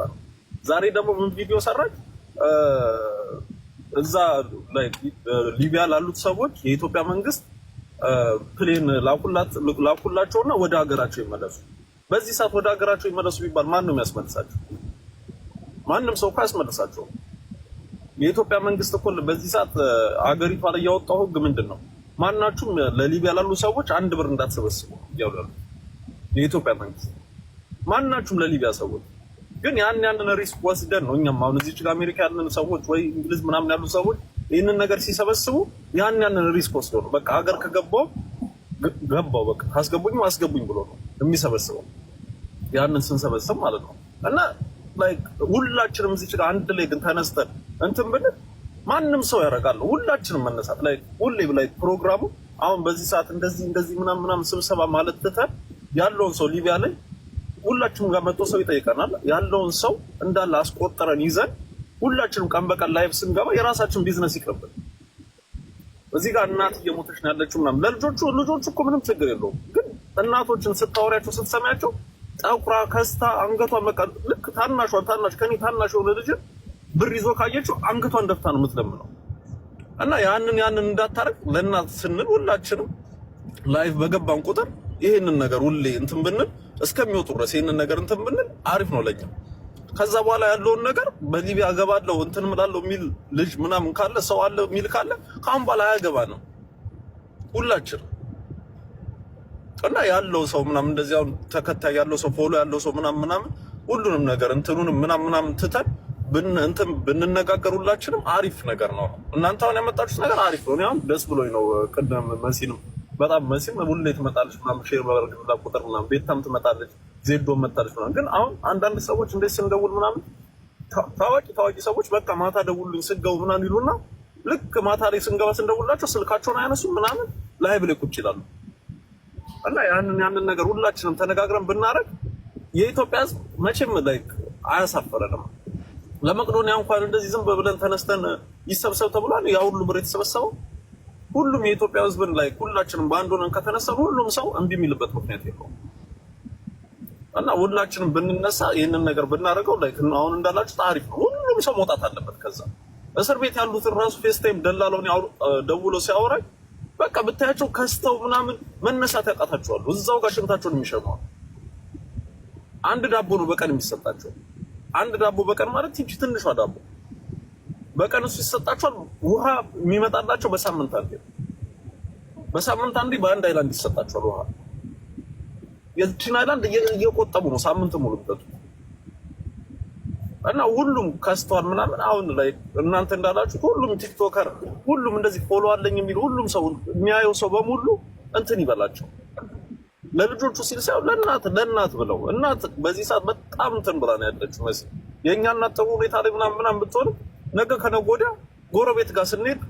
ነበረው። ዛሬ ደግሞ ምን ቪዲዮ ሰራች? እዛ ሊቢያ ላሉት ሰዎች የኢትዮጵያ መንግስት ፕሌን ላኩላቸውና ወደ ሀገራቸው ይመለሱ። በዚህ ሰዓት ወደ ሀገራቸው ይመለሱ ቢባል ማን ነው የሚያስመልሳቸው? ማንም ሰው እኮ ያስመልሳቸው። የኢትዮጵያ መንግስት እኮ በዚህ ሰዓት አገሪቷ ላይ ያወጣው ህግ ምንድን ነው? ማናችሁም ለሊቢያ ላሉ ሰዎች አንድ ብር እንዳትሰበስቡ እያሉ የኢትዮጵያ መንግስት ማናችሁም ለሊቢያ ሰዎች ግን ያን ያንን ሪስክ ወስደን ነው እኛም አሁን እዚች አሜሪካ ያለን ሰዎች ወይ እንግሊዝ ምናምን ያሉ ሰዎች ይህንን ነገር ሲሰበስቡ ያን ያንን ሪስክ ወስዶ ነው በቃ ሀገር ከገባው ገባው በቃ አስገቡኝም አስገቡኝ ብሎ ነው የሚሰበስበው። ያንን ስንሰበስብ ማለት ነው እና ላይክ ሁላችንም እዚህ ችግር አንድ ላይ ግን ተነስተን እንትን ብንል ማንም ሰው ያደርጋል። ሁላችንም መነሳት ላይክ ሁሌ ላይ ፕሮግራሙ አሁን በዚህ ሰዓት እንደዚህ እንደዚህ ምናምን ምናምን ስብሰባ ማለት ትተን ያለውን ሰው ሊቢያ ላይ ሁላችሁም ጋር መጥቶ ሰው ይጠይቀናል። ያለውን ሰው እንዳለ አስቆጠረን ይዘን ሁላችንም ቀን በቀን ላይፍ ስንገባ የራሳችን ቢዝነስ ይቅርብን። እዚህ ጋር እናት እየሞተች ነው ያለችው ምናምን ለልጆቹ ልጆቹ እኮ ምንም ችግር የለውም፣ ግን እናቶችን ስታወሪያቸው ስትሰሚያቸው ጠቁራ ከስታ አንገቷን በቃ ልክ ታናሿን ታናሽ ከኔ ታናሽ የሆነ ልጅ ብር ይዞ ካየችው አንገቷን ደፍታ ነው የምትለምነው። እና ያንን ያንን እንዳታረግ ለእናት ስንል ሁላችንም ላይፍ በገባን ቁጥር ይህንን ነገር ሁሌ እንትን ብንል እስከሚወጡ ድረስ ይህንን ነገር እንትን ብንል አሪፍ ነው ለኛ። ከዛ በኋላ ያለውን ነገር በሊቢያ ገባለው እንትን ምላለው የሚል ልጅ ምናምን ካለ ሰው አለ የሚል ካለ ከአሁን በኋላ አያገባ ነው ሁላችን እና ያለው ሰው ምናምን እንደዚህ አሁን ተከታይ ያለው ሰው ፎሎ ያለው ሰው ምናምን ምናምን ሁሉንም ነገር እንትኑንም ምናምን ምናምን ትተን እንትን ብንነጋገር ሁላችንም አሪፍ ነገር ነው። እናንተ አሁን ያመጣችሁት ነገር አሪፍ ነው። አሁን ደስ ብሎኝ ነው። ቅድም መሲንም በጣም መሲም ሁሌ ትመጣለች ምናምን ሼር በበርግ ብላ ቁጥር ምናምን ቤታም ትመጣለች፣ ዜዶ መጣለች ምናምን። ግን አሁን አንዳንድ ሰዎች እንዴት ስንደውል ምናምን ታዋቂ ታዋቂ ሰዎች በቃ ማታ ደውሉኝ ስገቡ ምናምን ይሉና ልክ ማታ ላይ ስንገባ ስንደውላቸው ስልካቸውን አያነሱም ምናምን ላይ ላይ ቁጭ ይላሉ። እና ያንን ያንን ነገር ሁላችንም ተነጋግረን ብናደርግ የኢትዮጵያ ሕዝብ መቼም ላይ አያሳፈረንም። ለመቅዶኒያ እንኳን እንደዚህ ዝም ብለን ተነስተን ይሰብሰብ ተብሏል። ያ ሁሉ ብር የተሰበሰበው ሁሉም የኢትዮጵያ ህዝብን ላይ ሁላችንም በአንድ ሆነን ከተነሳን ሁሉም ሰው እምቢ የሚልበት ምክንያት የለውም። እና ሁላችንም ብንነሳ ይህንን ነገር ብናደርገው ላይ አሁን እንዳላችሁ ታሪፍ ሁሉም ሰው መውጣት አለበት። ከዛ እስር ቤት ያሉትን ራሱ ፌስታይም ደላላውን ደውሎ ሲያወራኝ በቃ ብታያቸው ከስተው ምናምን መነሳት ያውቃታቸዋሉ። እዛው ጋር ሽንታቸውን የሚሸመዋል። አንድ ዳቦ ነው በቀን የሚሰጣቸው። አንድ ዳቦ በቀን ማለት ይቺ ትንሿ ዳቦ በቀን እሱ ይሰጣቸዋል። ውሃ የሚመጣላቸው በሳምንት አንዴ በሳምንት አንዴ በአንድ አይላንድ ይሰጣቸዋል ውሃ። የዚህን አይላንድ እየቆጠቡ ነው ሳምንት ሙሉ እና ሁሉም ከስተዋል ምናምን። አሁን ላይ እናንተ እንዳላችሁ ሁሉም ቲክቶከር፣ ሁሉም እንደዚህ ፎሎ አለኝ የሚል ሁሉም ሰው የሚያየው ሰው በሙሉ እንትን ይበላቸው ለልጆቹ ሲል ሳይሆን ለእናት ለእናት ብለው እናት በዚህ ሰዓት በጣም እንትን ብላ ነው ያለችው። መስ የእኛ እናት ሁኔታ ላይ ምናምን ምናምን ብትሆንም ነገ ከነገ ወዲያ ጎረቤት ጋር ስንሄድ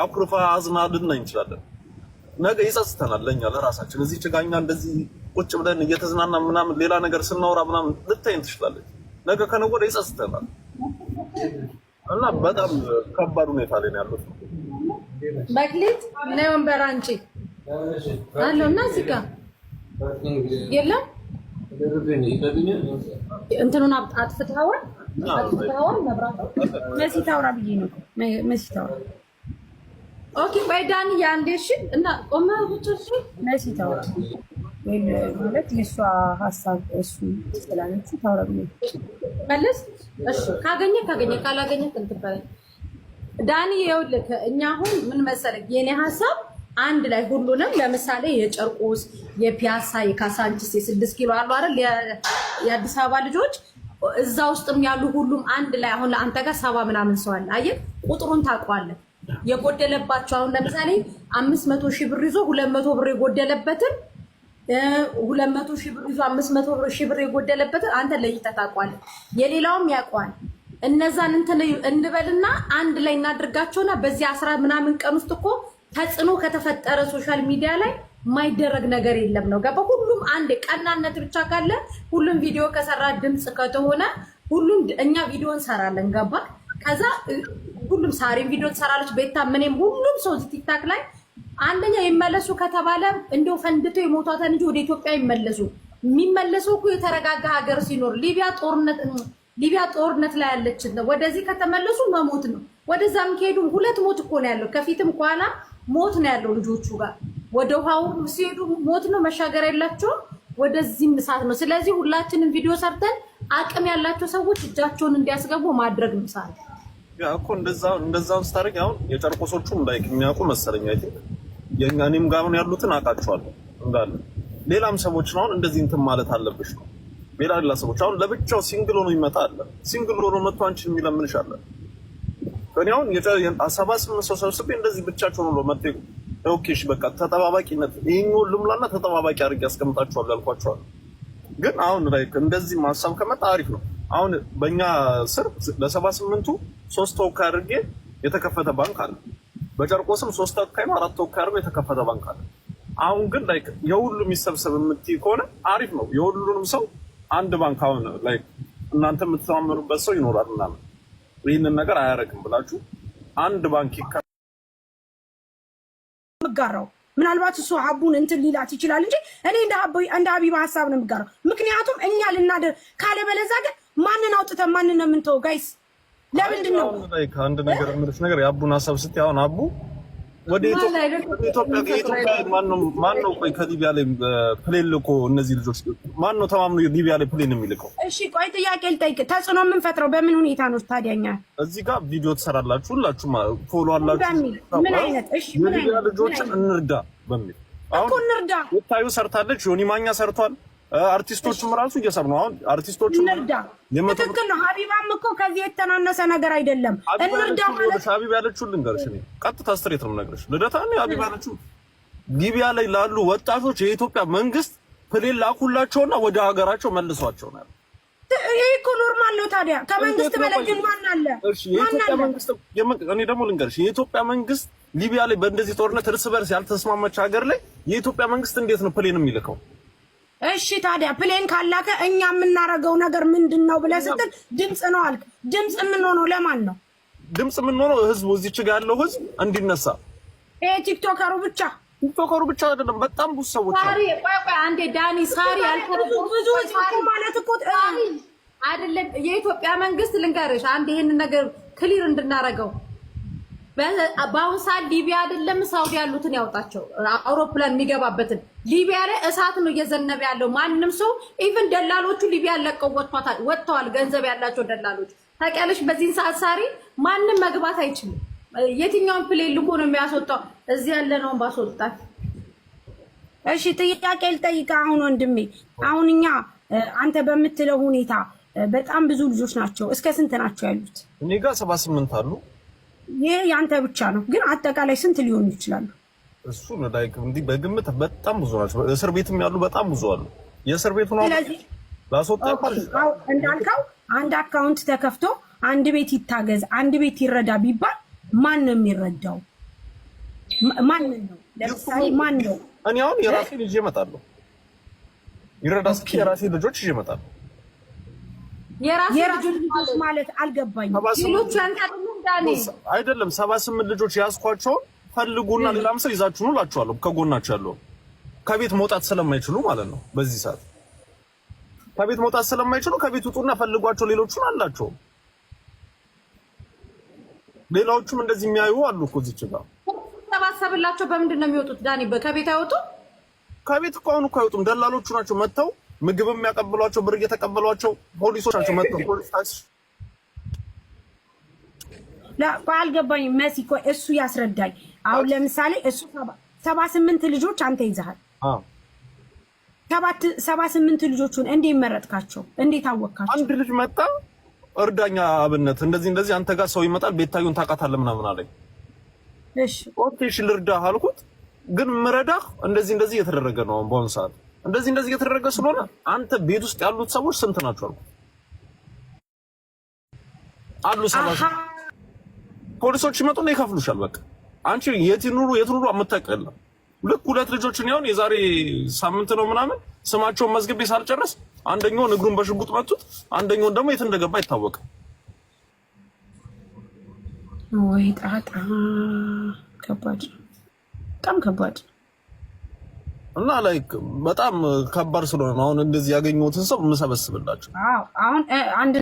አኩርፋ አዝና ልናይ እንችላለን። ነገ ይጸጽተናል፣ ለኛ ለራሳችን እዚህ ችጋኛ እንደዚህ ቁጭ ብለን እየተዝናና ምናምን ሌላ ነገር ስናወራ ምናምን ልታይን ትችላለች። ነገ ከነገ ወዲያ ይጸጽተናል እና በጣም ከባድ ሁኔታ ላይ ነው ያሉት። በክሊት ነይ ወንበር አንቺ አለው እና እዚህ የለም እንትኑን አጥፍተዋል። መሲ ታውራ ብዬ ነው። መሲ ታውራ ኦኬ። ቆይ ዳንዬ አንዴ እሺ። እና ቆመ ብቻ እሺ። መሲ ታውራ ወይም ማለት የእሷ ሀሳብ እሱ ስላለች ታውራ ብዬ መለስ። እሺ ካገኘ ካገኘ ካላገኘ እንትን በለኝ ዳኒ። ይኸውልህ እኛ አሁን ምን መሰለህ የኔ ሀሳብ አንድ ላይ ሁሉንም ለምሳሌ የጨርቆስ የፒያሳ የካሳንቺስ የስድስት ኪሎ አሉ አይደል የአዲስ አበባ ልጆች እዛ ውስጥም ያሉ ሁሉም አንድ ላይ አሁን ለአንተ ጋር ሰባ ምናምን ሰው አለ። አየህ ቁጥሩን ታውቀዋለህ። የጎደለባቸው አሁን ለምሳሌ አምስት መቶ ሺህ ብር ይዞ ሁለት መቶ ብር የጎደለበትን ሁለት መቶ ሺህ ብር ይዞ አምስት መቶ ሺህ ብር የጎደለበትን አንተ ለይተህ ታውቀዋለህ። የሌላውም ያውቀዋል። እነዛን እንትን እንበልና አንድ ላይ እናድርጋቸውና በዚህ አስራ ምናምን ቀን ውስጥ እኮ ተጽዕኖ ከተፈጠረ ሶሻል ሚዲያ ላይ የማይደረግ ነገር የለም ነው ገባ። ሁሉም አንድ ቀናነት ብቻ ካለ ሁሉም ቪዲዮ ከሰራ ድምፅ ከተሆነ ሁሉም እኛ ቪዲዮ እንሰራለን ገባ። ከዛ ሁሉም ሳሪን ቪዲዮ ትሰራለች፣ ቤታ ምንም፣ ሁሉም ሰው ቲክታክ ላይ አንደኛ ይመለሱ ከተባለ እንደው ፈንድቶ የሞቷተን እንጂ ወደ ኢትዮጵያ ይመለሱ። የሚመለሱ እኮ የተረጋጋ ሀገር ሲኖር ሊቢያ ጦርነት ሊቢያ ጦርነት ላይ ያለችን ነው። ወደዚህ ከተመለሱ መሞት ነው። ወደዛም ከሄዱም ሁለት ሞት እኮ ነው ያለው ከፊትም ከኋላ ሞት ነው ያለው ልጆቹ ጋር። ወደ ውሃው ሲሄዱ ሞት ነው መሻገር የላቸውም። ወደዚህም እሳት ነው። ስለዚህ ሁላችንም ቪዲዮ ሰርተን አቅም ያላቸው ሰዎች እጃቸውን እንዲያስገቡ ማድረግ ምሳል እኮ እንደዛውን ስታደርግ አሁን የጨርቆሶቹ ላይ የሚያውቁ መሰለኝ አይ የእኛኔም ጋር ጋር ያሉትን አውቃቸዋለሁ እንዳለ ሌላም ሰዎችን አሁን እንደዚህ እንትን ማለት አለብሽ ነው ሌላ ሌላ ሰዎች አሁን ለብቻው ሲንግል ሆኖ ይመጣ አለ። ሲንግል ሆኖ መጥቶ አንቺን የሚለምንሽ አለ። እኔ አሁን ስምንት ሰው ሰብስቤ እንደዚህ ብቻቸውን ብሎ መጤ ኦኬሽ በቃ ተጠባባቂነት ይህን ልምላና ተጠባባቂ አድርጌ ያስቀምጣቸዋል ያልኳቸዋል። ግን አሁን ላይ እንደዚህ ማሳብ ከመጣ አሪፍ ነው። አሁን በእኛ ስር ለሰባ ስምንቱ ሶስት ተወካይ አድርጌ የተከፈተ ባንክ አለ። በጨርቆስም ሶስት ተወካይ ነው አራት ተወካይ አድርጎ የተከፈተ ባንክ አለ። አሁን ግን ላይ የሁሉ የሚሰብሰብ የምትይ ከሆነ አሪፍ ነው። የሁሉንም ሰው አንድ ባንክ አሁን ላይ እናንተ የምትተማመኑበት ሰው ይኖራል ምናምን ይህንን ነገር አያደርግም ብላችሁ አንድ ባንክ ምጋራው ምናልባት እሱ ሀቡን እንትን ሊላት ይችላል እንጂ እኔ እንደ ሀቢባ ሀሳብ ነው የምጋራው። ምክንያቱም እኛ ልናደር ካለበለዛ ግን ማንን አውጥተን ማንን ነው የምንተው? ጋይስ ለምንድን ነው አንድ ነገር የምልሽ ነገር የአቡን ሀሳብ ስትይ አሁን አቡ ወደ ኢትዮጵያ ማን ነው ቆይ ከሊቢያ ላይ ፕሌን ልኮ እነዚህ ልጆች ማን ነው ተማምኖ ሊቢያ ላይ ፕሌን የሚልከው? እሺ ቆይ ጥያቄ ልጠይቅ። ተጽዕኖ የምንፈጥረው በምን ሁኔታ ነው? ታዲያኛ እዚህ ጋር ቪዲዮ ትሰራላችሁ፣ ሁላችሁም ፎሎ አላችሁ። ምን አይነት እንርዳ በሚል እንርዳ ወታዩ ሰርታለች። ዮኒ ማኛ ሰርቷል። አርቲስቶቹም ራሱ እየሰሩ ነው። አሁን አርቲስቶቹ ትክክል ነው። ሀቢባም እኮ ከዚህ የተናነሰ ነገር አይደለም። እንርዳ ማለት ሀቢባ ያለችው ልንገርሽ፣ እኔ ቀጥታ ስትሬት ነው የምነግርሽ። ልደታ ሀቢባ ያለችው ሊቢያ ላይ ላሉ ወጣቶች የኢትዮጵያ መንግስት ፕሌን ላኩላቸውና ወደ ሀገራቸው መልሷቸው ነው። ይሄ እኮ ኖርማል ነው። ታዲያ ከመንግስት በላይ ግን ማን አለ? እሺ የኢትዮጵያ መንግስት እኔ ደግሞ ልንገርሽ የኢትዮጵያ መንግስት ሊቢያ ላይ በእንደዚህ ጦርነት እርስ በርስ ያልተስማማች ሀገር ላይ የኢትዮጵያ መንግስት እንዴት ነው ፕሌን የሚልከው? እሺ ታዲያ ፕሌን ካላከ እኛ የምናረገው ነገር ምንድን ነው ብለህ ስትል ድምፅ ነው አልክ። ድምፅ የምንሆነው ለማን ነው? ድምፅ የምንሆነው ህዝቡ፣ እዚህ ጋ ያለው ህዝብ እንዲነሳ። ይሄ ቲክቶከሩ ብቻ ቲክቶከሩ ብቻ አይደለም፣ በጣም ብዙ ሰዎች ሳሪ፣ ቆይ ቆይ አንዴ ዳኒ፣ ሳሪ ብዙ ህዝብ ማለት እኮ አይደለም። የኢትዮጵያ መንግስት ልንገርሽ አንድ ይሄን ነገር ክሊር እንድናረገው በአሁን ሰዓት ሊቢያ አይደለም ሳውዲ ያሉትን ያውጣቸው፣ አውሮፕላን የሚገባበትን ሊቢያ ላይ እሳት ነው እየዘነበ ያለው። ማንም ሰው ኢቨን ደላሎቹ ሊቢያ ለቀው ወጥተዋል፣ ገንዘብ ያላቸው ደላሎች። ታውቂያለሽ፣ በዚህን ሰዓት ሳሪ ማንም መግባት አይችልም። የትኛውን ፕሌን ልኮ ነው የሚያስወጣው? እዚህ ያለ ነውን ባስወጣል። እሺ ጥያቄ ልጠይቅ። አሁን ወንድሜ፣ አሁን እኛ አንተ በምትለው ሁኔታ በጣም ብዙ ልጆች ናቸው። እስከ ስንት ናቸው ያሉት? እኔ ጋር ሰባ ስምንት አሉ። ይህ የአንተ ብቻ ነው። ግን አጠቃላይ ስንት ሊሆኑ ይችላሉ? እሱ ነዳይ እንዲህ በግምት በጣም ብዙ ናቸው። እስር ቤትም ያሉ በጣም ብዙ አሉ። የእስር ቤቱ ነው ላስወጣ እንዳልከው አንድ አካውንት ተከፍቶ አንድ ቤት ይታገዝ፣ አንድ ቤት ይረዳ ቢባል ማን ነው የሚረዳው? ማን ነው? ለምሳሌ ማን ነው? እኔ አሁን የራሴ ልጅ እመጣለሁ ይረዳ እስኪ የራሴ ልጆች ይዤ እመጣለሁ። የራሴ ልጆች ማለት አልገባኝም። ሌሎቹ ያንተ አይደለም ሰባ ስምንት ልጆች ያዝኳቸውን ፈልጉና ሌላም ሰው ይዛችሁ ነው እላችኋለሁ። ከጎናችሁ ያለው ከቤት መውጣት ስለማይችሉ ማለት ነው። በዚህ ሰዓት ከቤት መውጣት ስለማይችሉ ከቤት ውጡና ፈልጓቸው። ሌሎቹን አላቸው። ሌላዎቹም እንደዚህ የሚያዩ አሉ እኮ እዚች ጋር ሰባሰብላቸው። በምንድን ነው የሚወጡት? ዳኒ ከቤት አይወጡ። ከቤት እኮ አሁን እኮ አይወጡም። ደላሎቹ ናቸው መጥተው ምግብ የሚያቀብሏቸው፣ ብር እየተቀበሏቸው ፖሊሶች ናቸው መጥተው ፖሊስ አልገባኝም። መሲ ቆይ እሱ ያስረዳኝ። አሁን ለምሳሌ እሱ ሰባ ስምንት ልጆች አንተ ይዘሃል። ሰባ ስምንት ልጆቹን እንዴት መረጥካቸው? እንዴት አወቅካቸው? አንድ ልጅ መጣ እርዳኛ አብነት እንደዚህ እንደዚህ አንተ ጋር ሰው ይመጣል ቤታዩን ታውቃታለህ ምናምን አለኝ። እሺ ኦኬ እሺ ልርዳህ አልኩት። ግን ምረዳህ እንደዚህ እንደዚህ እየተደረገ ነው በአሁኑ ሰዓት እንደዚህ እንደዚህ እየተደረገ ስለሆነ አንተ ቤት ውስጥ ያሉት ሰዎች ስንት ናቸው አልኩት። አሉ ሰባ ፖሊሶች ይመጡና ይከፍሉሻል። በቃ አንቺ የት ኑሩ የት ኑሩ አምታቀላ ልክ ሁለት ልጆችን ያሁን የዛሬ ሳምንት ነው ምናምን ስማቸውን መዝግቤ ሳልጨርስ አንደኛውን እግሩን በሽጉጥ መቱት፣ አንደኛውን ደግሞ የት እንደገባ አይታወቅም። ወይ ጣጣ ከባድ በጣም ከባድ እና ላይክ በጣም ከባድ ስለሆነ አሁን እንደዚህ ያገኘሁትን ሰው የምሰበስብላቸው አሁን አንድ